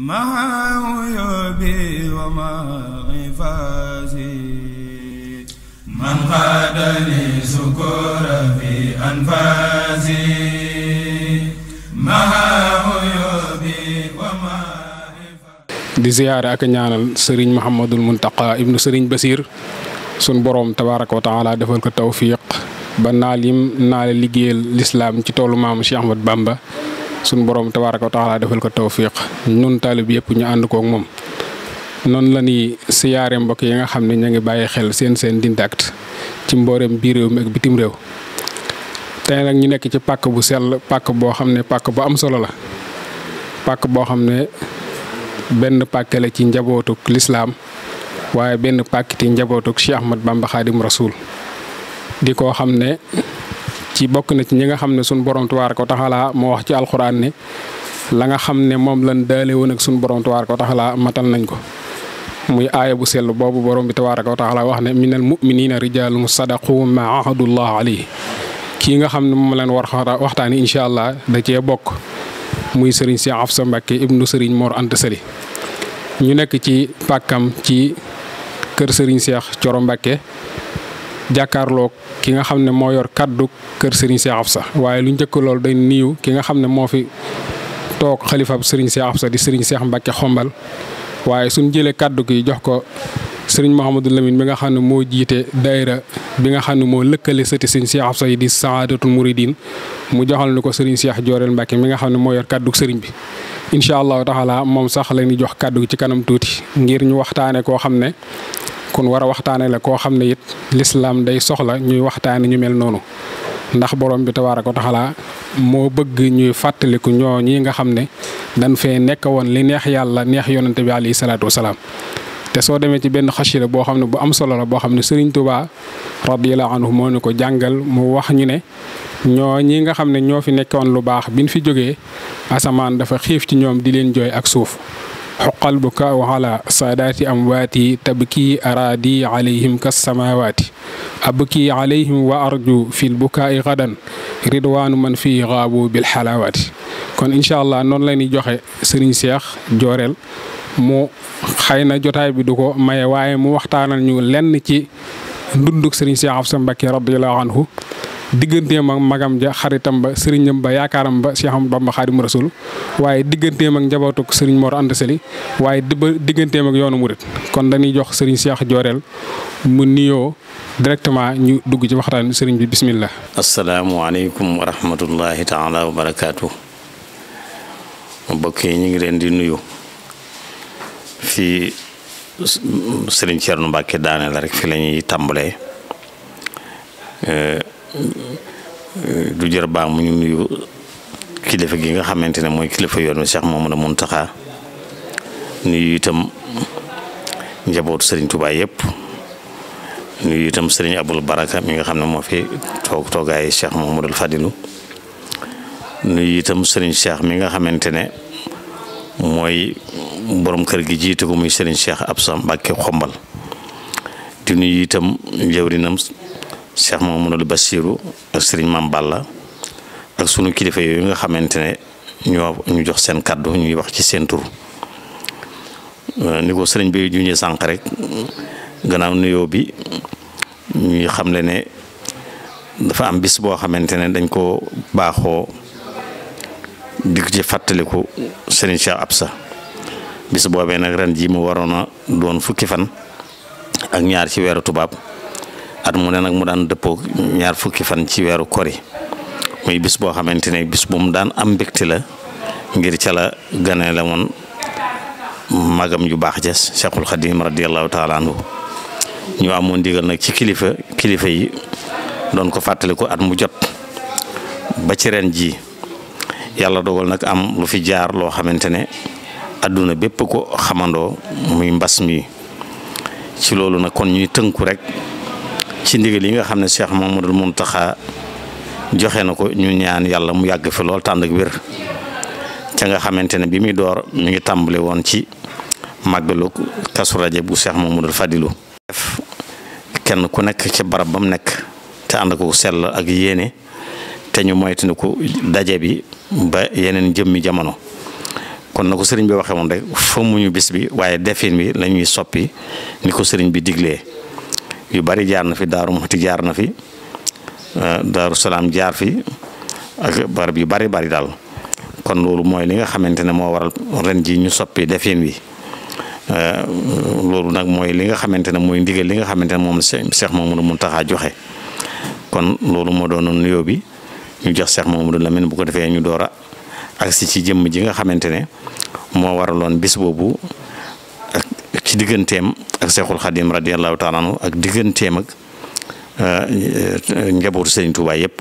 مع عيوبي ومع عفاسي من قادني سكور في أنفاسي مع عيوبي ومع di ziyaare ak ñaanal sëriñ Mouhamadul Muntaqa ibnu sëriñ Basiir sun boroom tabaaraka wa taala defal ko tawfiq ba naal yim naale liggéeyal lislaam ci toolu maamu Cheikh Ahmad Bamba suñ borom tabaaraka wa taala defal ko tawfiq nun taalib yëpp ñu ànd kook moom noonu la ñuy siyaare mbokk yi nga xam ne ñu ngi bàyyi xel seen seen Dint Actu ci mbooreem biir réew mi ak bitim réew tey nag ñu nekk ci pàkk bu sell pàkk boo xam ne pàkk bu am solo la pàkk boo xam ne benn pàkk ci njabootuk lislaam waaye benn pàkk ci njabootuk Cheikh Ahmad Bamba Xaadim di ko xam ne ci bokk na ci ñi nga xam ne sunu borom tabaaraka wa taala moo wax ci alxuraan ne la nga xam ne moom lañ daale woon ak sunu borom tabaaraka wa taala matal nañ ko. muy aaya bu sell boobu borom bi tabaaraka wa taala wax ne minal mu'miniina rijaalun sadaqu ma ahadullah alayhi kii nga xam ne moom lañ war waxtaani incha allah da cee bokk muy sëriñ si Afsa Mbàkke ibnu sëriñ Mor Anta Sali ñu nekk ci pàkkam ci kër sëriñ Seex Coro Mbàkke jàkkaarlook ki nga xam ne moo yor kàddu kër Serigne Cheikh Absa waaye lu njëkk loolu day niiw ki nga xam ne moo fi toog xalifab Serigne Cheikh Absa di Serigne Cheikh Mbacke xombal waaye suñ jëlee kàddu gi jox ko Serigne Mouhamadou Lamine bi nga xam ne moo jiite daayira bi nga xam ne moo lëkkale sëti Serigne Cheikh Absa yi di Saadatul Mouridine mu joxal ni ko Serigne Cheikh Jooreel Mbacke mi nga xam ne moo yor kàddu sëriñ bi. incha allahu taala moom sax la ñuy jox kàddu ci kanam tuuti ngir ñu waxtaanee koo xam ne kon war a waxtaane la koo xam ne it lislaam day soxla ñuy waxtaane ñu mel noonu ndax borom bi tabaaraka taxalaa moo bëgg ñuy fàttaliku ñoo ñi nga xam ne dañ fee nekk woon li neex yàlla neex yonante bi alayhi salaatu te soo demee ci benn xasida boo xam ne bu am solo la boo xam ne Sëriñ Tuubaa radiyallaahu anhu moo ñu ko jàngal mu wax ñu ne ñoo ñi nga xam ne ñoo fi nekkoon lu baax biñ fi jógee asamaan dafa xiif ci ñoom di leen jooy ak suuf xoqal bukaa waxala saadaati amwaati tabki araadi alayhim kassamaawaati abki alayhim wa arju fil bukaai gadan ridwaanu man fii xaabu bil xalaawaati kon incha allah noonu la ñuy joxe sëriñ Seex Jooreel mu xëy na jotaay bi du ko maye waaye mu waxtaanal ñu lenn ci dunduk sëriñ Seex Absa Mbàkke radiyallaahu anhu digganteem ak magam ja xaritam ba sëriñam ba yaakaaram ba Cheikh Ahmadou Bamba Xaadimu Rasuul waaye digganteem ak njabootuk sëriñ Mor Anta waaye digganteem ak yoonu murit kon dañuy jox sëriñ Cheikh Jooreel mu nuyoo directement ñu dugg ci waxtaan sëriñ bi bismillah asalaamualeykum wa rahmatullahi taala wa barakaatu mbokk yi ñu ngi leen di nuyu fii sëriñ Thierno Mbacke daane rek fi lañuy ñuy Euh, du jër baax mu ñu nuyu kilifa gi nga xamante ne mooy kilifa yoon wi Cheikh Mamadou Mountakha nuyu itam njabootu Serigne Touba yëpp nuyu itam sëriñ Abul Baraka mi nga xam ne moo fi toog toogaayu Cheikh Mamadou Fadilou nuyu itam sëriñ Cheikh mi nga xamante ne mooy borom kër gi jiite ko muy Serigne Cheikh Absa Mbacke Xombal di nuyu itam njëwrinam Cheikh Mamadou Bassirou ak sëriñ Mame Balla ak sunu kilifa yooyu nga xamante ne ñu jox seen kàddu ñuy wax ci seen tur euh, ni ko sëriñ bi juñee sànq rek gannaaw nuyoo bi ñuy xamle ne dafa am bis boo xamante ne dañ ko baaxoo di ci fàttaliku sëriñ Cheikh biss boo boobee nag ren jii mu waroon a doon fukki fan ak ñaar ci weeru tubaab at mu ne nag mu daan dëppoo ñaar fukki fan ci weeru kori muy bis boo xamante ne bis bu mu daan am mbégte la ngir ca la gane la magam yu baax ja Cheikhul Khadim radiallahu taala anhu ñu amoon ndigal nag ci kilifa kilifa yi doon ko fàttaliku at mu jot ba ci ji yàlla dogal nag am lu fi jaar loo xamante ne àdduna bépp ko xamandoo muy mbas mi ci loolu nag kon ñuy tënku rekk ci ndigal yi nga xam ne mu Cheikh Mamadou taxa joxe na ko ñu ñaan yàlla mu yàgg fi lool tànd ak wér ca nga xamante ne bi muy door mu ngi tàmbale woon ci màggalu Kazu Rajab bu Cheikh mu dul def kenn ku nekk ci barab ba mu nekk te ànd ko sell ak yéene te ñu ko daje bi ba yeneen njëmmi jamono kon na ko sëriñ bi waxee woon rek fa muñu bis bi waaye defin bi lañuy soppi ni ko sëriñ bi diglee yu bari jaar na fi daaru Muxti jaar na fi eh, daaru salaam jaar fi ak barab yu bari bari daal kon loolu mooy li nga xamante ne moo waral ren ji ñu soppi defin wi eh, loolu nag mooy li nga xamante ne mooy ndigal li nga xamante ne moom Cheikh Mamadou Mountakha joxe kon loolu moo doonoon nuyoo bi ñu jox Cheikh Mamadou Lamine bu ko defee ñu door ak si ci jëmm ji nga xamante ne moo waraloon bis boobu. ci digganteem ak seexul xadim radiallahu taala ak digganteem ak euh, njabootu sëriñ Tuubaa yëpp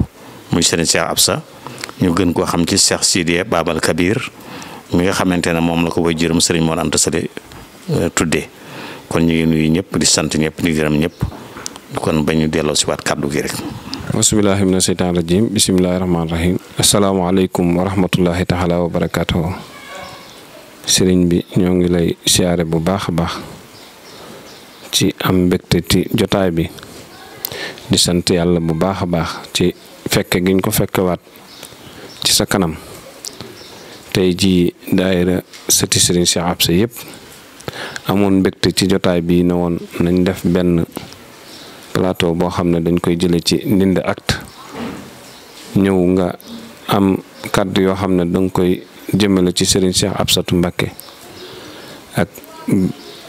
muy sëriñ Cheikh Absa ñu gën koo xam ci Cheikh Sidiya Babal Kabir mu nga xamante ne moom la ko way jërëm sëriñ Mor Anta Sali euh, tuddee kon ñu ngi nuyu ñëpp di sant ñëpp di gërëm ñëpp kon ba ñu delloo si waat kàddu gi rek. bismillaahi mina seytaani rajiim bismillaahi rahmaani wa rahmatullaahi taala wa barakaatuh. sëriñ bi ñoo ngi lay siyaare bu baax a baax ci am mbégte ci jotaay bi di sant yàlla bu baax a baax ci fekke giñ ko fekkewaat ci sa kanam tey ji daayira sëti sëriñ Cheikh Absa yépp amoon mbégte ci jotaay bi ne woon nañ def benn palato boo xam ne dañ koy jële ci Ndindy Actu ñëw nga am kàddu yoo xam ne danga koy jëmale ci Serigne ab Absatou Mbacké ak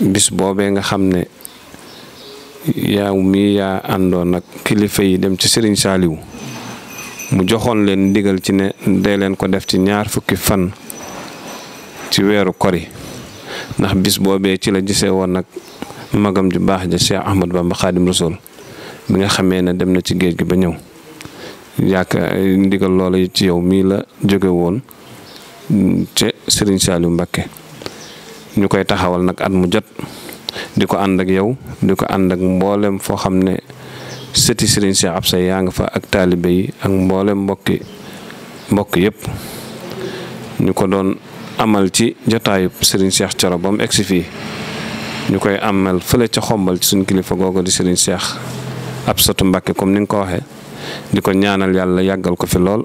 bis boobee nga xam ne yaaw mii yaa àndoon ak kilifa yi dem ci Serigne saaliw mu joxoon leen ndigal ci ne dee leen ko def ci ñaar fukki fan ci weeru kori ndax bis boobee ci la gisee woon nag magam ju baax ja Cheikh Ahmad Bamba Xaadim Rasul bi nga xamee ne dem na ci géej gi ba ñëw yaakaar ndigal loola ci yow mii la jóge woon ca Serigne Saliou mbakke ñu koy taxawal nag at mu jot di ko ànd ak yow di ko ànd ak mboolem foo xam ne sëti Serigne ab Absa yaa nga fa ak taalibe yi ak mboolem mbokki mbokk yëpp ñu ko doon amal ci jotaayu Serigne Cheikh Thioro ba mu egsi fii ñu koy amal fële ca xombal ci suñ kilifa googu di Serigne ab Absatu Mbacké comme ni nga ko waxee di ko ñaanal yàlla yàggal ko fi lool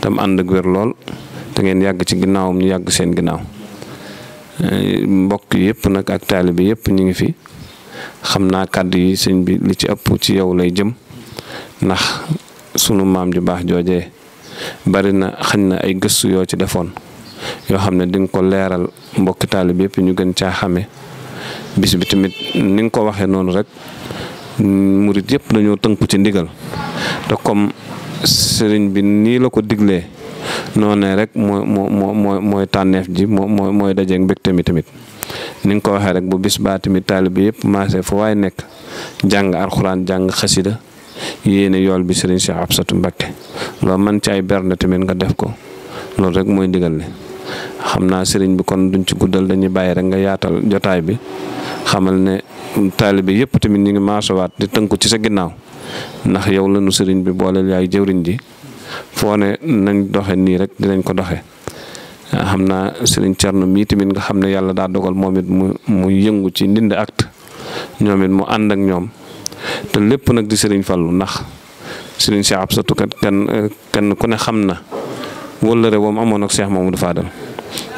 tam ànd ak wér lool. te ngeen yàgg ci ginnaawam ñu yàgg seen ginnaaw eh, mbokk yépp nag ak taalibe yëpp ñu ngi fi xam naa kàddu yi sëñ bi li ci ëpp ci yow lay jëm ndax sunu maam ju baax joojee bari na xañ na ay gëstu yoo ci defoon yoo xam ne dinga ko leeral mbokki taalibe yëpp ñu gën caa xame bis bi tamit ni nga ko waxee noonu rek murit yëpp dañoo tënku ci ndigal te comme sëriñ bi nii la ko diglee noonee rek moo moo moo mooy tànneef ji moo mooy mooy dajeeg mbégte mi tamit ni nga ko waxee rek bu bis baa tamit taalibe yëpp maase fu waaye nekk jàng alxuraan jàng xasida yéene yool bi sëriñ Cheikh Absatou Mbacké loo man ci ay berne tamit nga def ko loolu rek mooy ndigal li xam naa sëriñ bi kon duñ ci guddal dañuy bàyyi rek nga yaatal jotaay bi xamal ne taalibe yëpp tamit ñu ngi maasawaat di tënku ci sa ginnaaw ndax yow lanu sëriñ bi booleel yaay jëwriñ ji foo ne nañ doxe nii rek dinañ ko doxe xam naa sëriñ Thierno mii tamit nga xam ne yàlla daa dogal moomit mu mu yëngu ci ndindi acte ñoom mu ànd ak ñoom te lépp nag di sëriñ fallu ndax sëriñ Cheikh ab kat kenn kenn ku ne xam na wóllare woom amoon ak du faa Fadal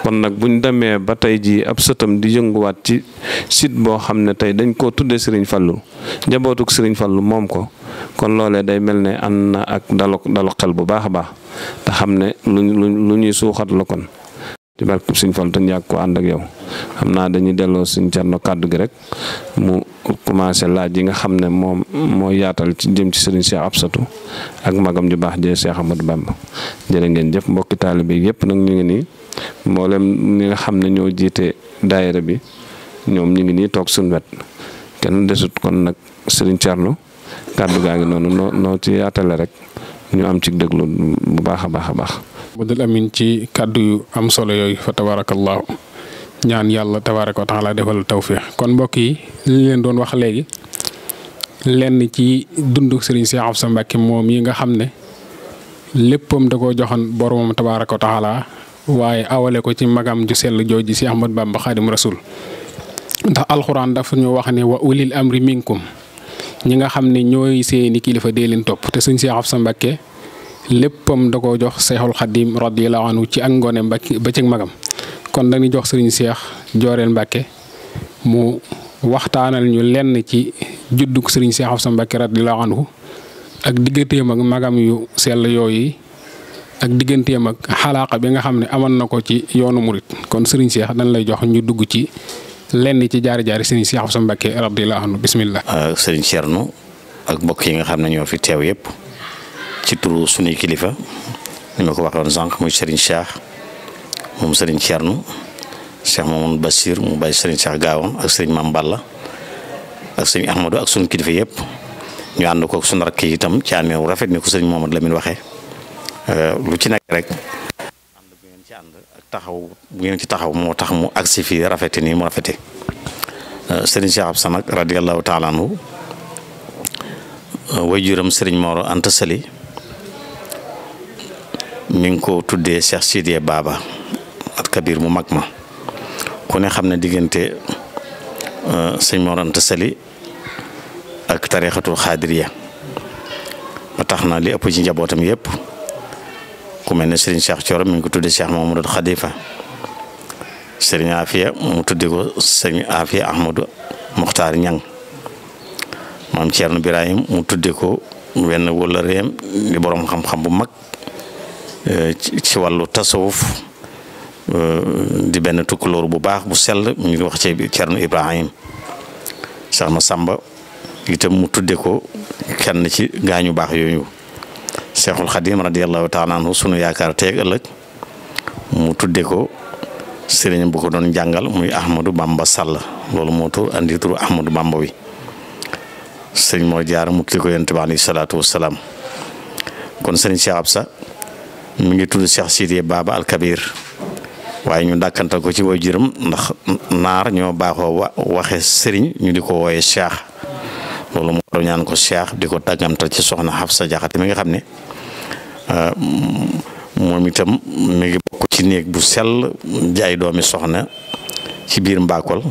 kon nag buñ demee ba tey jii ab sëtam di yënguwaat ci site boo xam ne tey dañ koo tuddee sëriñ fallu njabootug sëriñ fallu moom ko. kon loole day mel ne am na ak dalu dalu xel bu baax a baax te xam ne lu lu ñuy suuxat la kon ci barkeb Sëñ Fallu te ñu yàgg ko ànd ak yow xam naa dañuy delloo Sëñ Cerno kàddu gi rek mu commencé laaj yi nga xam ne moom moo yaatal ci jëm ci Sëriñ ab Absatu ak magam ju baax jee Cheikh Ahmadou Bamba jërë ngeen jëf mbokki taalibe yépp nag ñu ngi nii mboolem ñi nga xam ne ñoo jiite daayira bi ñoom ñu ngi nii toog suñ wet kenn desut kon nag Sëriñ Cerno kàddu gaa ngi noonu noo noo ci yaatale rek ñu am ci déglu bu baax a baax a baax. Abdul Amin ci kàddu yu am solo yooyu fa tabaarakallaahu ñaan yàlla tabaaraka wa taala defal tawfiix kon mbokk yi li leen doon wax léegi lenn ci dundu Serigne Cheikh Absa Mbacke moom yi nga xam ne léppam da koo joxoon boromam tabaaraka wa taala waaye awale ko ci magam ju sell jooju Cheikh Ahmad Bamba Xaadim Rasul ndax alxuraan dafa ñu wax ne wa ulil amri minkum ñi nga xam ne ñooy seeni kilifa dee leen topp te sëñ Cheikh Absa Mbacké léppam da koo jox Seexul Xadim radiyallahu anhu ci ak ngoone Mbacké ba ci magam kon dañuy jox sëriñ Cheikh Jooreel Mbacké mu waxtaanal ñu lenn ci juddug sëriñ Cheikh Absa Mbacké radiyallahu anhu ak digganteem ak magam yu sell yooyu ak digganteem ak xalaaqa bi nga xam ne amoon na ko ci yoonu murit kon sëriñ Cheikh dañ lay jox ñu dugg ci. lenn ci jaari jaari sëriñ Cheikh Bousso Mbacké radiyallahu anhu bismillah. Euh, sëriñ Thierno ak mbokk yi nga xam ne ñoo fi teew yëpp ci turu suñuy kilifa ni ma ko waxoon sànq muy sëriñ Cheikh moom sëriñ Thierno Cheikh Mamadou Bassir mu bàyyi sëriñ Cheikh Gaawam ak sëriñ Mame Balla ak sëriñ Ahmadou ak suñu kilifa yëpp ñu ànd ko su rakk yi itam ci ànd rafet ni ko sëriñ Momadou Lamine waxee euh, lu ci nekk rek. taxaw bu ngeen ci taxaw moo tax mu agsi fii rafete nii mu rafete euh, sëriñ Cheikh Absa nag radiallahu taala anhu euh, waajuram sëriñ Moro Anta Sali mi ngi ko tuddee Cheikh Sidiye Baba at Kabir mu mag ma ku ne xam ne diggante euh, sëñ Moro Anta Sali ak tarixatul xaadiriya ba tax na li ëpp ci njabootam yépp ku mel ne Serigne Cheikh Thioro mi ngi ko tuddee Cheikh Mamadou Khalifa Serigne Afia mu tuddee ko Serigne Afia Ahmadou Mokhtar Niang maam Thierno Birahim mu tuddee ko wenn wala réem di borom xam-xam bu mag eh, ci wàllu tasawuf eh, di benn tukkulóor bu baax bu sell ñu ngi wax ci Thierno Ibrahim Cheikh Massamba itam mu tuddee ko kenn ci gaañu baax yooyu. Cheikhul Khadim radiyallahu taala anhu sunu yaakaar teeg ëllëg mu tudde ko sëriñ bu ko doon jàngal muy Ahmadou bàmba Sall loolu moo tur andi turu Ahmadou Bamba wi sëriñ moo jaar mu tudd ko yonent bi alayhi salaatu wasalaam kon sëriñ Absa mi ngi tudd Cheikh Sidiye Baba al waaye ñu dakkantal ko ci way ndax naar ñoo baaxoo wa waxe ñu di ko wooye cheikh loolu moo doon ñaan ko cheikh di ko dàkkantal ci soxna Xafsa Jaxate mi nga xam ne Euh, moom itam mi bokk ci néeg bu sell jaay doomi soxna ci biir mbaakol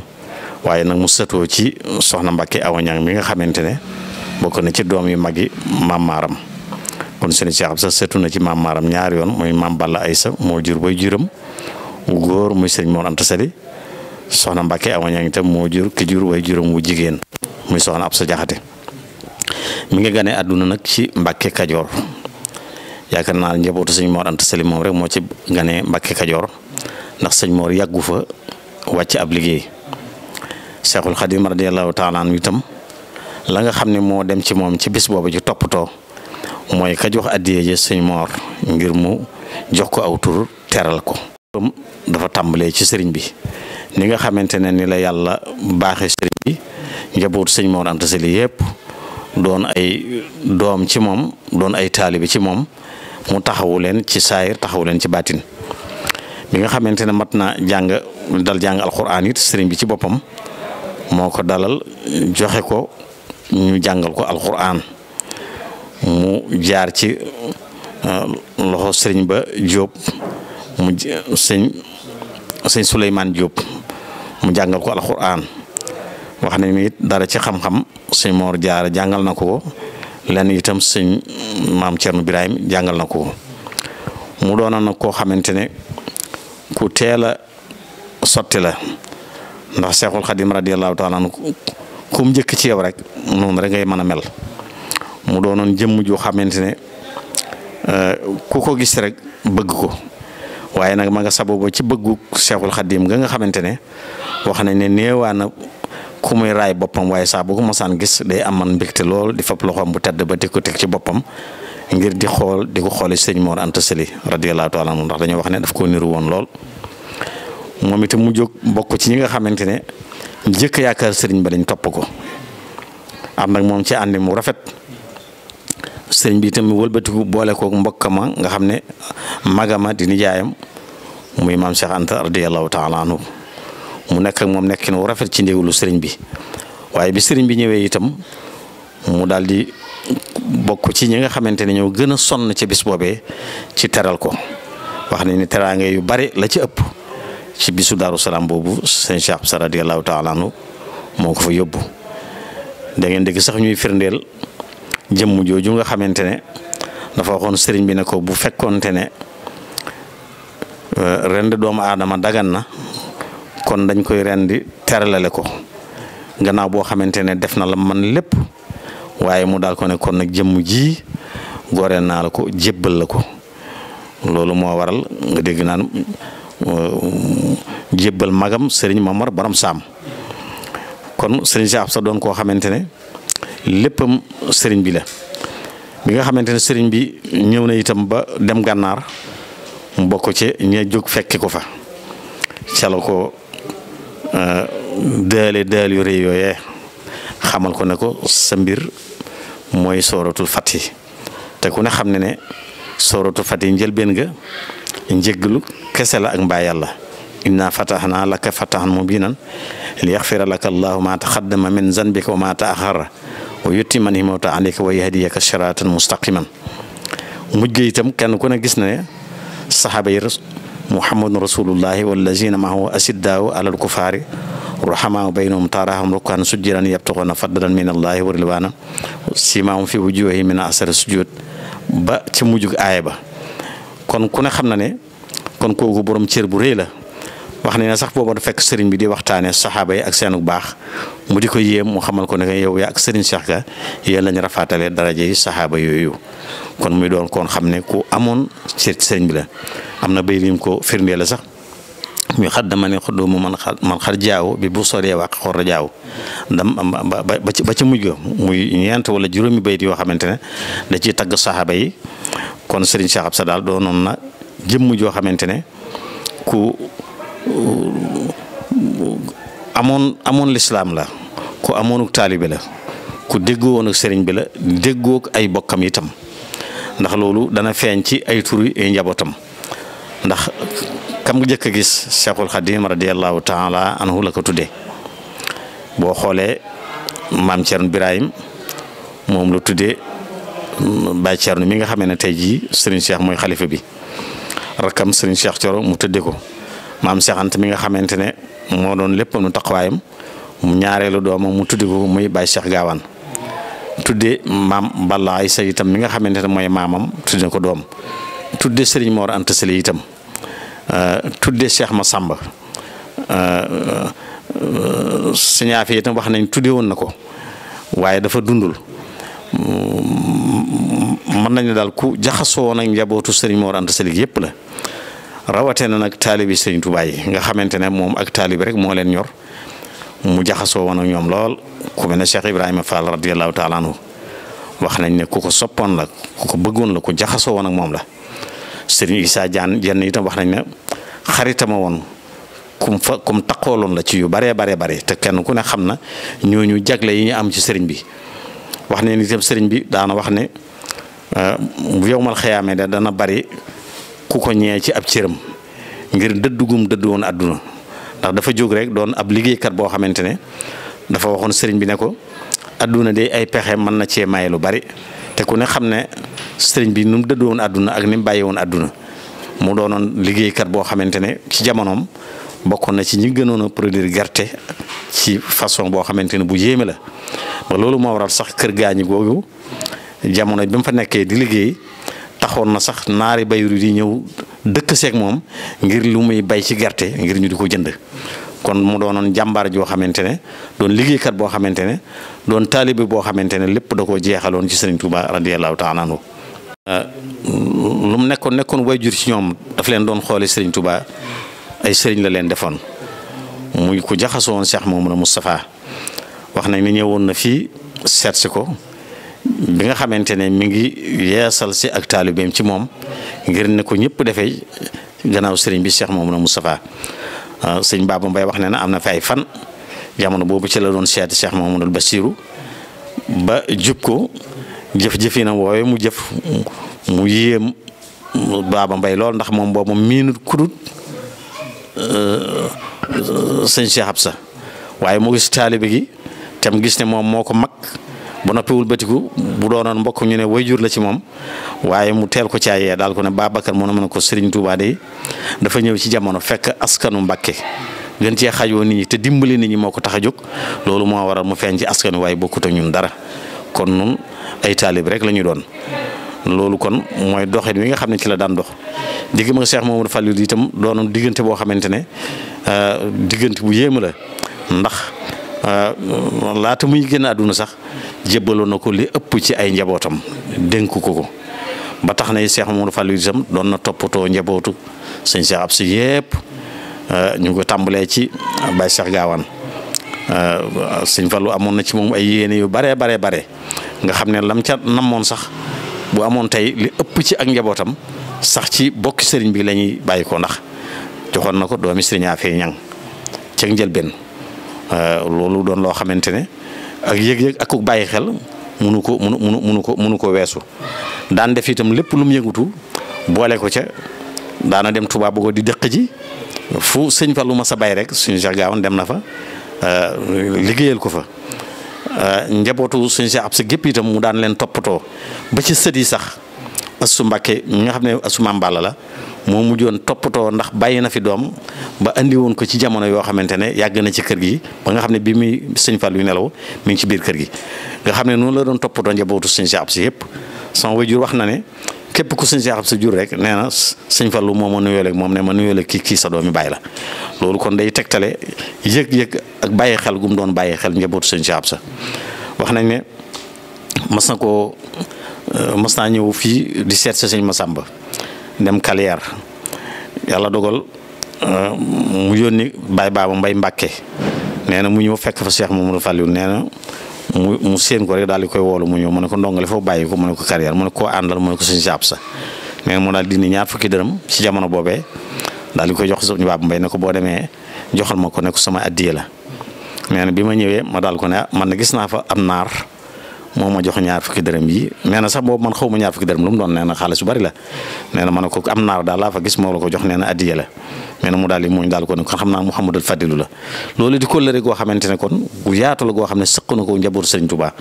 waaye nag mu sëtoo ci soxna Mbacke Awa mi nga xamante ne bokk na ci doom yu mag yi maam kon seen Cheikh Absa sëtu na ci maam Maram ñaari yoon muy maam Balla Aysa moo jur bay juram wu góor muy sëñ Mor Anta soxna Mbacke Awa itam moo jur ki jur way juram wu jigéen muy soxna Absa Jaxate mi ngi gane àdduna nag ci Mbacke Kajoor yaakaar naa njabootu sëñ Mor Anta Sali moom rek moo ci ganee Mbàkke Kajoor ndax sëñ Mor yàggu fa wàcc ab liggéey Cheikhul ma radiyallahu taala anhu itam la nga xam ne moo dem ci moom ci bis boobu ci toppatoo mooy ka jox addiye sëñ Mor ngir mu jox ko aw teral ko. dafa tàmbalee ci sëriñ bi ni nga xamante ne ni la yàlla baaxe sëriñ bi njabootu sëñ Mor Anta Sali yépp doon ay doom ci moom doon ay taalibe ci moom. mu taxawu leen ci saayir taxawu leen ci baatin bi nga xamante ne mat na jàng dal jàng alxuraan it sëriñ bi ci boppam moo ko dalal joxe ko ñu jàngal ko alxuraan mu jaar ci uh, loxo sëriñ ba Jóob mu sëñ sëñ Souleymane Diop mu jàngal ko alxuraan wax nañ ni dara ci xam-xam sëñ Mor Jaara jàngal na ko lenn itam sëñ maam Thierno Birahim jàngal na ko mu doonoon nag koo xamante ne ku teel a sotti la ndax seexul xadim radiallahu taala anhu ku njëkk ci yow rek noonu rek ngay mën a mel mu doonoon jëmm joo xamante ne euh, ku ko gis rek bëgg ko waaye nag ma nga saboobo ci bëggu seexul xadim nga nga xamante ne wax na ne néewaa ku muy raay boppam waaye saa bu mosaan gis day aman mbégte lool di fab loxoom bu tedd ba di teg ci boppam ngir di xool di ko xooli sëñ moo Anta Sali radiyallahu taala anhu ndax dañoo wax ne def koo niru woon lool. moom itam mu jóg bokk ci ñi nga xamante ne njëkk yaakaar sëriñ ba dañ topp ko am nag moom ci àndi mu rafet sëriñ bi itam mu wëlbatiku boole kook mbokkama nga xam ne magama di nijaayam muy mam Cheikh Anta radiyallahu taala mu nekk ak moom nekkin wu rafet ci ndéwlu sëriñ bi waaye bi sëriñ bi ñëwee itam mu daal di bokk ci ñi nga xamante ne ñoo gën a sonn ci bis boobee ci teral ko wax nañ ni teraange yu bari la ci ëpp ci bisu Daaru Salaam boobu sëñ Cheikh Absa radiyallahu taala anhu moo ko fa yóbbu da ngeen dégg sax ñuy firndeel jëmm jooju nga xamante ne dafa waxoon sëriñ bi ne ko bu fekkoonte ne euh, rend doomu aadama dagan na kon dañ koy rendi teralale ko gannaaw boo xamante ne def na la man lépp waaye mu daal ko ne kon nag jëmm ji goreel naa la ko jébbal la ko loolu moo waral nga dégg naan euh, jébbal magam sëriñ Mamar Borom Saam kon sëriñ si sa doon koo xamante ne léppam sëriñ bi la bi nga xamante ne sëriñ bi ñëw na itam ba dem gànnaar mu bokk ci ña jóg fekki ko fa ca ko daale daal yu rëy xamal ko ne ko sa mbir mooy sooratul fati te ku ne xam ne ne sooratul fati njëlbeen ga njëggalu kese la ak mbaa yàlla inna fatahnaa laka fatahan mubiinan li yaxfira laka allahu ma taxaddama min zanbika wa ma taaxara wa yutimma ni'matahu alayka wa yahdiyaka siraatan mustaqiman mujj ga itam kenn ku ne gis ne saxaaba yi muhammadun rasulullahi wallazina maahu asiddaau alal kufaari ruhamaau baynahum taarahum rukkan sujjiran yabtaxoona fadlan min allahi wa rilwaana simaahum fi wujuuhi min asari sujud ba ca mujjug aaya ba kon ku ne xam na ne kon kooku borom cër bu rëy la wax ne na sax booba da fekk sëriñ bi di waxtaanee saxaaba yi ak seenu baax mu di ko yéem mu xamal ko ne yow yaa ak sëriñ Cheikh ga yéen lañ rafaatalee daraja yi saxaaba yooyu kon muy doon kon xam ne ku amoon ci sëriñ la am na béy lim ko firndee la sax. ñu xat dama ne xuddu mu man xa jaaw bi bu soree wax xor la jaaw dam ba ba ci ba ci mujj ga muy ñeent wala juróomi bayit yoo xamante ne da ciy tagg saxaaba yi kon Serigne Cheikh sax daal doo noon na jëmm joo xamante ne ku amoon amoon lislaam la ku amoonuk taalibe la ku déggoo woon sëriñ bi la déggoo ay bokkam itam ndax loolu dana feeñ ci ay turi ay njabootam ndax kam jëkk a gis Cheikhul Khadim radiallahu taala anhu la ko tuddee boo xoolee maam Thierno Birahim moom la tuddee Baye Thierno mi nga xamee ne tey jii sëriñ Cheikh mooy xalifa bi rakkam sëriñ Cheikh Thioro mu tëddee ko maam Cheikh Anta mi nga xamante ne moo doon lépp nu taxawaayam mu ñaareelu doomam mu tuddi ko muy Baye Cheikh Gaawaan tudde maam Balla Aysa itam mi nga xamante ne mooy maamam tudde ko doom tudde Serigne Mor Anta Sali itam euh, tudde Cheikh Massamba euh, euh, siñaafe itam wax nañ tudde woon na ko waaye dafa dundul mën nañu daal ku jaxasoo woon ak njabootu Serigne Mor Anta Sali yëpp la rawatee na nag taalibi sëñ Tuubaa yi nga xamante ne moom ak taalibi rek moo leen ñor mu jaxasoo woon ak ñoom lool ku mel ne Cheikh Ibrahima Fall radiyallahu taala wax nañ ne ku ko soppoon la ku ko bëggoon la ku jaxasoo woon ak moom la sëriñ Issa Diagne jenn itam wax nañ ne xaritama woon kum fa taqooloon la ci yu baree baree bare te kenn ku xam na ñooñu jagle yi ñu am ci sëriñ bi wax nañ itam sëriñ bi daana wax ne euh, bu yow mal xëyaamee dana ku ko ñee ci ab cëram ngir dëddugum dëdd woon àdduna ndax dafa jóg rek doon ab liggéeykat boo xamante ne dafa waxoon sëriñ bi ne ko àdduna de ay pexe mën na cee maye lu bari te ku ne xam ne sëriñ bi nu mu dëdd woon àdduna ak ni mu bàyyi woon adduna mu doonoon liggéeykat boo xamante ne ci jamonoom bokkoon na ci ñi gënoon a produire gerte ci façon boo xamante ne bu yéeme la loolu moo waral sax kër gaañu googu jamono bi fa nekkee di liggéey. taxoon na sax naari bayru di ñëw dëkk seek moom ngir lu muy bay ci gerte ngir ñu di ko jënd kon mu doonoon jàmbaar joo xamante ne doon liggéeykat boo xamante ne doon taalibe boo xamante ne lépp da koo jeexaloon ci Sëriñ Tuuba radiyallaahu taala anhu lu mu nekkoon nekkoon jur ci ñoom daf leen doon xoole Sëriñ Tuuba ay sëriñ la leen defoon muy ko jaxasoo woon Cheikh Mouhamadou Moustapha wax nañ ni ñëwoon na fii seet si ko bi nga xamante ne mu ngi yeesal si ak taalibeem ci moom ngir ne ko ñëpp defee gannaaw sëriñ bi seex Cheikh Mamadou Moustapha ah, sëñ Baba mbay wax ne na am na fi ay fan jamono boobu ci la doon seeti Cheikh Mamadou Bassirou ba jub ko jëf-jëfi na woowe mu jëf mu yéem Baba Mbaye lool ndax moom boobu miinut kudut euh, euh, sëñ Cheikh Absa waaye mu gis taalibe gi tam gis ne moom moo ko mag bu noppiwul bëtiku bu doonoon mbokk ñu ne wayjur la ci moom waaye mu teel ko caayee daal ko ne Babacar mu ne mën ko Serigne Touba de dafa ñëw ci jamono fekk askanu Mbàkke gën cee xajoo nit ñi te dimbali nit ñi moo ko tax a jóg loolu moo waral mu feeñ ci askan waaye bokkut ak ñun dara kon nun ay taalib rek la ñu doon loolu kon mooy doxin wi nga xam ne ci la daan dox digg ma Cheikh Mamadou Fallou itam doonoon diggante boo xamante ne euh, diggante bu yéema la ndax euh, laata muy génn sax jébbaloon na ko li ëpp ci ay njabootam dénk ko ko ba tax na Cheikh Mamadou Fallou itam doon na toppatoo njabootu sëñ Cheikh Absa yépp euh, ñu ko tàmbalee ci Baye Cheikh Gaawaan euh, sëñ Fallou amoon na ci moom ay yéene yu baree baree bare nga xam ne lam ca namoon sax bu amoon tey li ëpp ci ak njabootam sax ci bokk sëriñ bi la ñuy bàyyi ko ndax joxoon na ko doomi sëriñ Afee Ñang ca njëlbeen euh, loolu doon loo xamante ne. ak yëg-yëg ak ku bàyyi xel munu ko munu munu ko munu ko weesu daan def itam lépp lu mu yëngatu boole ko ca daana dem Touba Bogo di dëkk ji fu sëñ Fallou ma sa bay rek suñu Cheikh Gaawaan dem na fa euh, liggéeyal ko fa euh, njabootu suñu Cheikh Absa gépp itam mu daan leen toppatoo ba ci sët sax asu Mbàkke ñi nga xam ne asu Maam la moo mujjoon toppatoo ndax bàyyi na fi doom ba andi woon ko ci jamono yoo xamante ne yàgg na ci kër gi ba nga xam ne bii muy sëñ Fall yu nelaw mu ngi ci biir kër gi nga xam ne noonu la doon toppatoo njabootu sëñ Cheikh Absa yëpp sama waajur wax na ne képp ku sëñ Cheikh Absa jur rek nee na sëñ Fallu moo ma nuyooleeg moom ne ma nuyooleeg kii kii sa doomi bàyyi la loolu kon day tegtale yëg-yëg ak bàyyi xel gu mu doon bàyyi xel njabootu sëñ Cheikh Absa wax nañ ne mës na ko euh, mas naa ñëw fii di seet sa sëñ Masamba dem Kalière yàlla dogal euh, mu yónni Baye Baba Mbay Mbàkke nee na mu ñëw fekk fa Cheikh Mamadou Fallou nee na mu mu séen ko rek daal di koy woolu mu ñëw mu ne ko ndongale foofu bàyyi ko mu ne ko Kalière mu ne koo àndal mu ne ko suñu saab sa nee na mu daal dindi ñaar fukki dërëm si jamono boobee daal di koy jox suñu Baaba Mbay ne ko boo demee joxal ma ko ne sama addiya la nee bi ma ñëwee ma daal ko ne ah, man na gis naa fa am naar moo a jox ñaar fukki dërëm yi nee na sax boobu man xaw ma ñaar fukki dërëm lu mu doon nee na xaalis bu bari la nee na ma ne ko am naar daal laa fa gis moo la ko jox nee na addiya la nee na mu daal di muñ daal ne kon xam naa Mouhamadul Fadilu la loolu di kóllëre ne kon na ko njaboot Sëriñ Tuubaa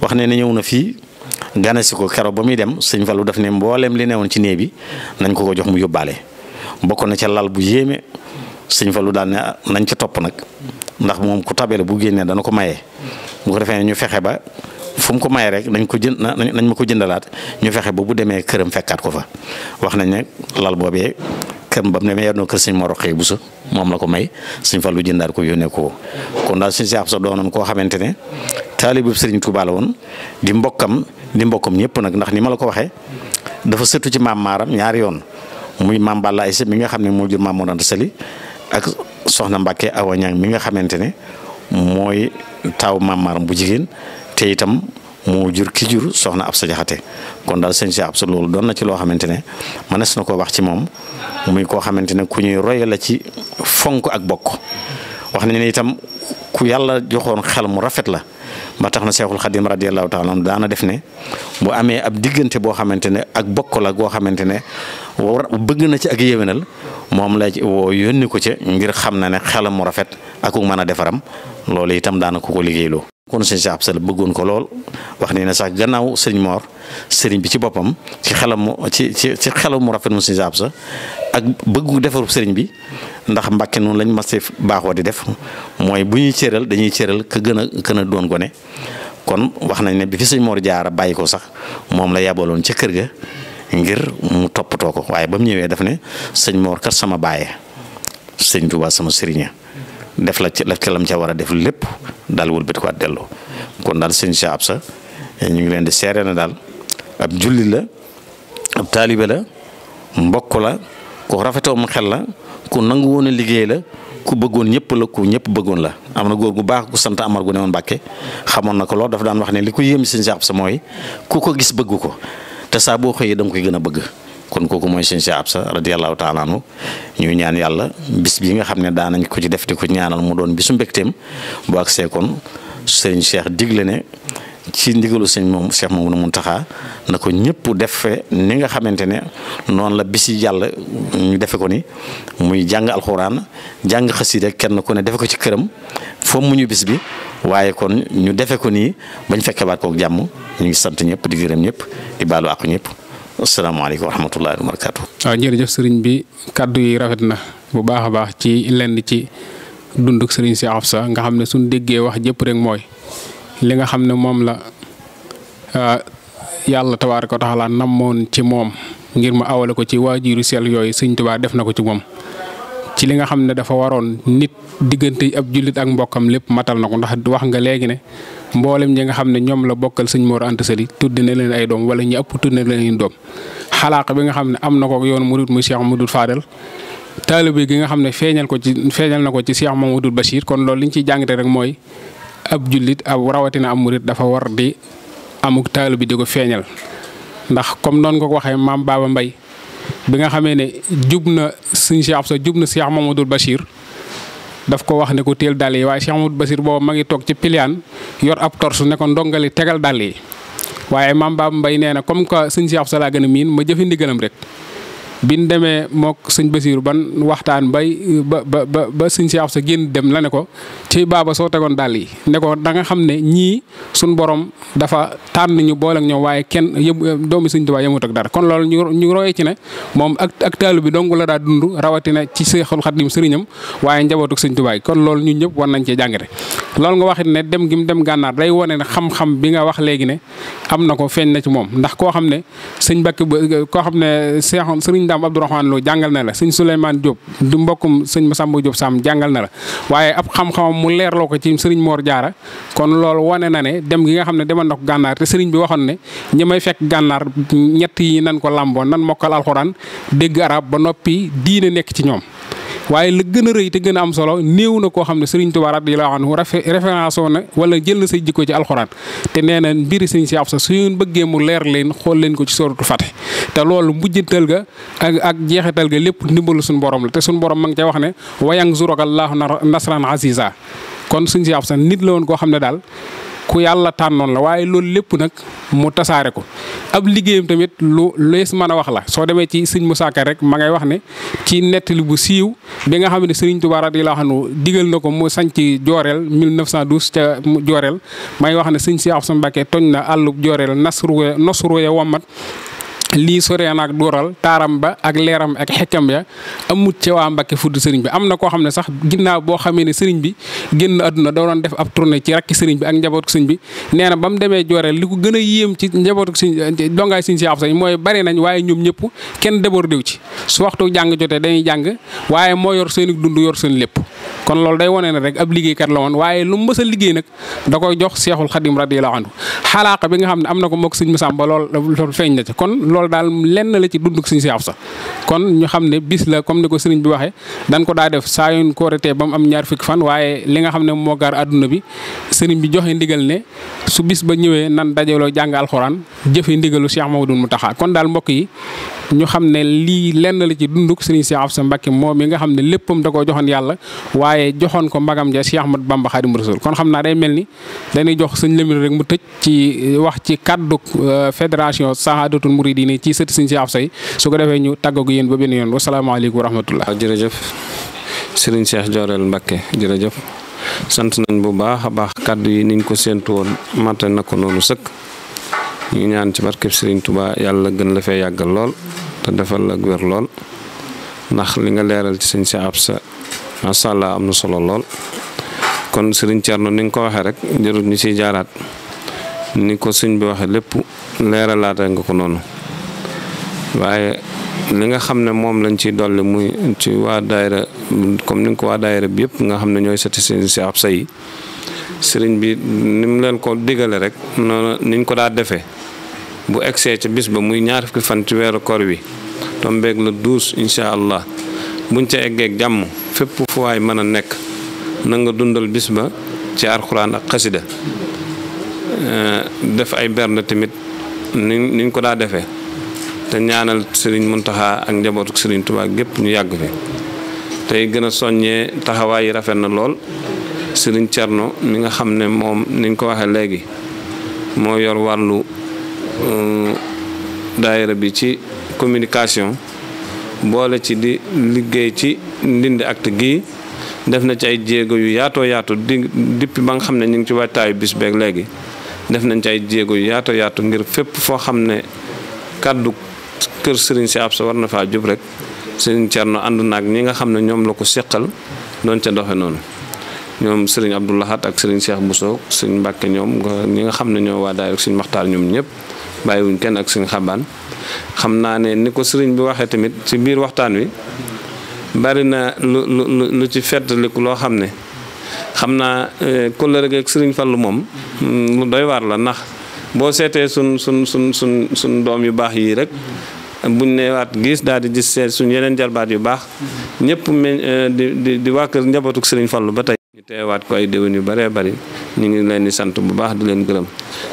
wax ne ñëw na fii ganasi ko keroog ba muy dem sëñ Fallu daf ne mbooleem li newoon ci néeg bi nañ ko ko jox mu yóbbaale bokk na ca lal bu yéeme sëñ Fallu daal ne ah, nañ ca topp nag ndax moom ku tabele bu génnee dana ko maye bu ko ñu fexe ba fu ko maye rek nañ ko jënd nañ ma ko jëndalaat ñu fexe ba bu demee këram fekkaat ko fa wax nañ ne lal boobee kër ba mu demee yarnoo kër sëñ Mor Roqee Bousso moom la ko may sëñ Fallu jëndaat ko yónnee ko kon daal sëñ Cheikh sa doonoon koo xamante ne taalibu sëriñ Touba la woon di mbokkam di mbokkam ñëpp nag ndax ni ma la ko waxee dafa sëtu ci maam Maaram ñaari yoon muy maam Balla Ayse mi nga xam ne moo jur maam Mor Anta Sali ak soxna mbake Awa Ñang mi nga xamante ne mooy taaw maam Maaram bu jigéen te itam moo jur ki jur soxna ab sa kon daal sëñ si ab sa loolu doon na ci loo xamante ne mënees na ko wax ci moom muy koo xamante ne ku ñuy roye la ci fonk ak bokk wax nañ ne itam ku yàlla joxoon xel mu rafet la ba tax na seexul xadim radiyallahu taala daana def ne bu amee ab diggante boo xamante ne ak bokk la goo xamante ne bëgg na ci ak yéwénal moom la woo yónni ko ci ngir xam na ne xelam mu rafet ak mën a defaram loolu itam daana ko ko liggéeyloo kon sëñ Cheikh Abdou Salaam bëggoon ko lool wax ne na sax gannaaw sëriñ Mor sëriñ bi ci boppam ci xelam mu ci ci ci xelam mu rafet mu sëñ Cheikh Abdou ak bëggu defaru sëriñ bi ndax Mbàkke noonu lañ mas baaxoo di def mooy bu ñuy cëral dañuy cëral ka gën a gën a doon gone kon wax nañ ne bi fi sëñ Mor jaara bàyyi ko sax moom la yabaloon ca kër ga ngir mu toppatoo ko waaye ba mu ñëwee daf ne sëñ Mor kat sama bàyyee sëñ waa sama sëriña def la def ca lam ca war a def lépp daal wëlbati ko at delloo kon daal sëñ Cheikh Absa ñu ngi leen di seere na daal ab julli la ab taalibe la mbokk la ku rafetoo mu xel la ku nangu woon a liggéey la ku bëggoon ñëpp la ku ñëpp bëggoon la am na góor gu baax ku sant Amar gu ne woon Mbàkke xamoon na ko loolu dafa daan wax ne li ko yéem sëñ Cheikh Absa mooy ku ko gis bëgg ko te saa boo xëyee da koy gën a bëgg. kon kooku mooy sëñ Cheikh Absa radiyallahu taala anhu ñuy ñaan yàlla bis bi nga xam ne daan nañ ko ci def di ko ñaanal mu doon bisu mbégteem boo ak see kon sëñ Cheikh digle ne ci ndigalu sëñ moom Cheikh moom mun Mountakha na ko ñëpp defe ni nga xamante ne noonu la bisi yàlla ñu defe ko ni muy jàng alxuraan jàng rek kenn ku ne defe ko ci këram foo mu ñu bis bi waaye kon ñu defe ko nii bañ baat kook jàmm ñu ngi sant ñëpp di gërëm ñëpp di baalu asalaamaaleykum wa rahmatullahi wa barakaatu. sëriñ bi kàddu yi rafet na bu baax a baax ci lenn ci dunduk sëriñ si Absa nga xam ne suñ déggee wax jëpp rek mooy li nga xam ne moom la ah, yàlla tabaaraka wa taala namoon ci moom ngir mu awale ko ci waajiru sel yooyu sëriñ Tuubaa def na ko ci moom. ci li nga xam ne dafa waroon nit diggante ab jullit ak mbokkam lépp matal na ko ndax wax nga léegi ne. mboolem ñi nga xam ne ñoom la bokkal sëñ Mor Anta Sali tudde na leen ay doom wala ñi ëpp tudde na leen doom xalaaq bi nga xam ne am na ko yoonu murid muy Cheikh Moudoul Fadal taalibe gi nga xam ne feeñal ko ci feeñal na ko ci Cheikh Mamadou Bachir kon loolu li ñu ciy jàngate rek mooy ab jullit ab rawatina ab murid dafa war di amuk taalibe di ko feeñal ndax comme noonu ko ko waxee maam Baba Mbaye bi nga xamee ne jub na sëñ Cheikh Absa jub na Cheikh Mamadou Bachir daf ko wax ne ko teel dàll yi waaye Cheikh Amadou Basir boobu ma ngi toog ci piliyaan yor ab torsu ne ko ndongali tegal dàll yi waaye maam Baab Mbay nee na comme que sëñ Cheikh Abdou Salah gën a miin ma jëfi ndigalam rek biñ demee mook sëñ Basiiru ban waxtaan bay ba ba ba sëñ Seex sa génn dem la ne ko ci baaba soo tegoon daal yi ne ko da xam ne ñii suñ borom dafa tànn ñu boole ak ñoom waaye kenn yëpp doomi sëñ Tuubaa yëmut dara kon loolu ñu ñu royee ci ne moom ak taalu bi dong la daa dundu rawatina ci Seexul Xadiim sëriñam waaye njabootuk sëñ Tuubaa kon loolu ñu ñëpp war nañ cee jàngate loolu nga waxit ne dem gi mu dem gànnaar day wone na xam-xam bi nga wax léegi ne am na ko feeñ na ci moom ndax koo xam ne sëñ Mbàkke koo xam ne seexoon sëriñ Daam Abdourahmane Lo jàngal na la sëñ Souleymane Diop du mbokkum sëñ Masamba Diop Sam jàngal na la waaye ab xam-xamam mu loo ko ci sëriñ Mor Jaara kon loolu wone na ne dem gi nga xam ne demoon na ko gànnaar te sëriñ bi waxoon ne ñi may fekk gànnaar ñett yi nan ko làmboo nan mokkal alxuraan dégg arab ba noppi diine nekk ci ñoom waaye la gën rëy te gën am solo néew na koo xam ne Serigne Touba radiyallahu anhu référence na wala jël na say jikko ci alxuraan te nee na mbiri Serigne si ab sa su ngeen bëggee mu leer leen xool leen ko ci soratu Fatih te loolu mujjantal ga ak ak jeexital ga lépp ndimbalu suñu borom la te suñu borom ma ngi cay wax ne wayang zuraka allahu nasran aziza kon Serigne si ab sa nit la woon koo xam ne daal ku yàlla tànnoon la waaye loolu lépp nag mu tasaare ko ab liggéeyam tamit lu lees mën a wax la soo demee ci sëñ Moussa Ka rek ma ngay wax ne ci nettali bu siiw bi nga xam ne Serigne la radiyallahu anhu digal na ko mu sanc jooreel 1912 ca jooreel may wax na sëñ si Abdou Mbacke toñ na àllub jooreel nas ruwe nos ruwe wammat lii soree naag dooral taaram ba ak leeram ak xekkam ya amut ci waa Mbàkke fudd sëriñ bi am na koo xam ne sax ginnaaw boo xamee ne sëriñ bi génn àdduna da doon def ab tournée ci rakki sëriñ bi ak njabootu sëriñ bi nee na ba mu demee jooreel li ko gën a yéem ci njabootu sëriñ dongaay sëriñ si sañ mooy bari nañ waaye ñoom ñëpp kenn débordé wu ci su waxtu jàng jotee dañuy jàng waaye moo yor seen dund yor seen lépp kon loolu day wone ne rek ab liggéeykat la woon waaye lu mu mës liggéey nag da koy jox seexul xadim radiyallahu anhu xalaaqa bi nga xam ne am na ko mook sëriñ Masamba lool feeñ na ci kon loolu daal lenn la ci dunduk suñ si af sa kon ñu xam ne bis la comme ni ko sëriñ bi waxee dan ko daa def saa yoon ko ba mu am ñaar fukki fan waaye li nga xam ne moo gaar adduna bi sëriñ bi joxe ndigal ne su bis ba ñëwee nan dajaloo jàng alxuraan jëfe ndigalu Cheikh ñu xam ne lii lenn la ci dunduk sëriñ Cheikh Absa Mbacké moom mi nga xam ne léppam da koo joxoon yàlla waaye joxoon ko mbagam ja Cheikh Ahmad Bamba Xaadimu Rasuul kon xam naa day mel ni dañuy jox sëñ Lamine rek mu tëj ci wax ci kàddu euh, fédération Sahadatul Mouridine nii ci sët sëñ si af say su ko defee ñu tàggagu yéen ba benn yoon wasalaamaaleykum wa rahmatullah jërëjëf sëriñ Cheikh Jorel Mbacke jërëjëf sant nañ bu baax a baax kàddu yi niñ ko séentu woon màtta na ko noonu sëkk ñu ñaan ci barkeb siriñ tubaa yàlla gën la fee yàggal lool te defal la wér lool ndax li nga leeral ci sëñ si sa macha allah am na solo lool kon sëriñ Thierno ni nga ko waxee rek jërut ñu ciy jaaraat ni ko sëñ bi waxee lépp leeralaate nga ko noonu waaye li nga xam ne moom lañ ci dolli muy ci waa daayira comme ni nga ko waa daayira bi yëpp nga xam ne ñooy sati si ab sa yi sëriñ bi ni leen koo digale rek ni nga ko daa defee bu egsee ca bis ba muy ñaar fukki fan ci weeru kor wi tombeeg la douze incha allah buñ ca eggeeg jàmm fépp fu waay mën a nekk na nga dundal bis ba ci alxuraan ak xasida eh, def ay bernde tamit ni niñ ko daa defee te ñaanal sëriñ Muntaxa ak njabootuk sëriñ Tuubaa gépp ñu yàgg fi tey gën a soññee taxawaay yi rafet na lool sëriñ Cerno mi nga xam ne moom niñ ko waxee léegi moo yor wàllu euh, daayira bi ci communication boole ci di liggéey ci Ndindy act gi def na ci ay jéego yu yaatoo yaatu di depuis ba xam ne ñu ngi ci waajtaayu bis beeg léegi def nañ ci ay jéego yu yaatoo yaatu ngir fépp foo xam ne kàddu kër sëriñ si ab sa war na faa jub rek sëriñ Cerno ànd naag ñi nga xam ne ñoom la ko seqal doon ca doxe noonu ñoom sëriñ Abdou Lahat ak sëriñ bu Bousso sëriñ Mbàkke ñoom ñi nga xam ne ñoo waa daay ak sëriñ Maxtaar ñoom ñëpp bàyyiwuñ kenn ak sëriñ Xabaan xam naa ne ni ko sëriñ bi waxee tamit ci biir waxtaan wi bari na lu lu lu ci fettaliku loo xam ne xam naa eh, kóllëre ak moom mm, lu doy waar la ndax boo seetee sun sun sun sun sun doom yu baax yii rek buñ ne waat gis daal di gis seet suñu yeneen jarbaat yu baax ñëpp meñ euh, di di waa kër njabootuk sëriñ Fallu ba tey ñu teewaat ko ay déwén yu bëree bëri ñu ngi leen di sant bu baax di leen gërëm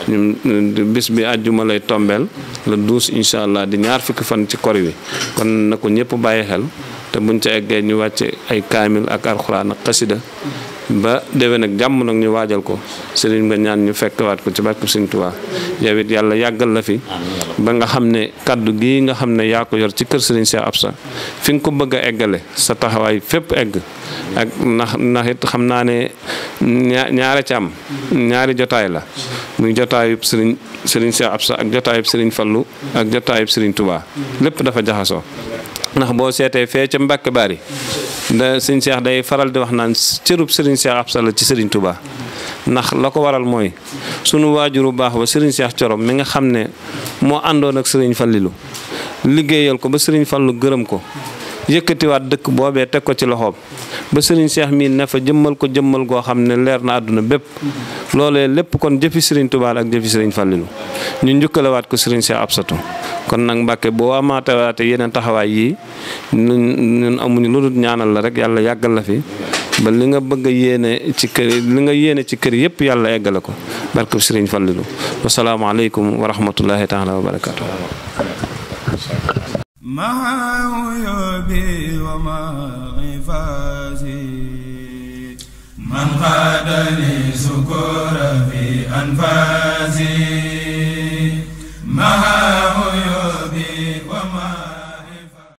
ñun bis bi àjjuma lay tombeel le douze incha allah di ñaar fukki fan ci kor wi kon na ko ñëpp bàyyi xel te buñ ca eggee ñu wàcce ay kaamil ak alxuraan ak xasida ba déwén ak jàmm nag ñu waajal ko sëriñ ba ñaan ñu fekkwaat ko ci barke Sëriñ Tuubaa yow yàlla yàggal la fi ba nga xam ne kàddu gi nga xam ne yaa ko yor ci kër sëriñ Cheikh Absa fi nga ko bëgg a eggale sa taxawaay fépp egg ak ndax ndax xam naa ne ñaare ci am ñaari jotaay la muy jotaayub sëriñ sëriñ Cheikh Absa ak jotaayub sëriñ Fallu ak jotaayub sëriñ Tuubaa lépp dafa jaxasoo ndax boo seetee fee ca Mbàkke Bari yi sëñ Cheikh day faral di wax naan cërub sëriñ Cheikh ab la ci sëriñ Touba ndax la ko waral mooy sunu wu baax ba sëriñ Cheikh Corom mi nga xam ne moo àndoon ak sëriñ Fallilou liggéeyal ko ba sëriñ Fallou gërëm ko yëkkatiwaat dëkk boobee teg ko ci loxoom ba sëriñ Cheikh mii ne fa jëmmal ko jëmmal goo xam ne leer na àdduna bépp loolee lépp kon jëfi sëriñ tubaal ak jëfi sëriñ Fàllilu ñu njukkalewaat ko sëriñ ab Absatu kon nag Mbàkke boo amaatewaate yeneen taxawaay yii ñun amuñu lu dul ñaanal la rek yàlla yàggal la fi ba li nga bëgg a yéene ci kër li nga yéene ci kër yëpp yàlla eggale ko barkab sëriñ Fàllilu wasalaamaaleykum wa rahmatullahi taala wa barakatuh مع عيوبي ومع عفاسي من قادني سكور في أنفاسي مع عيوبي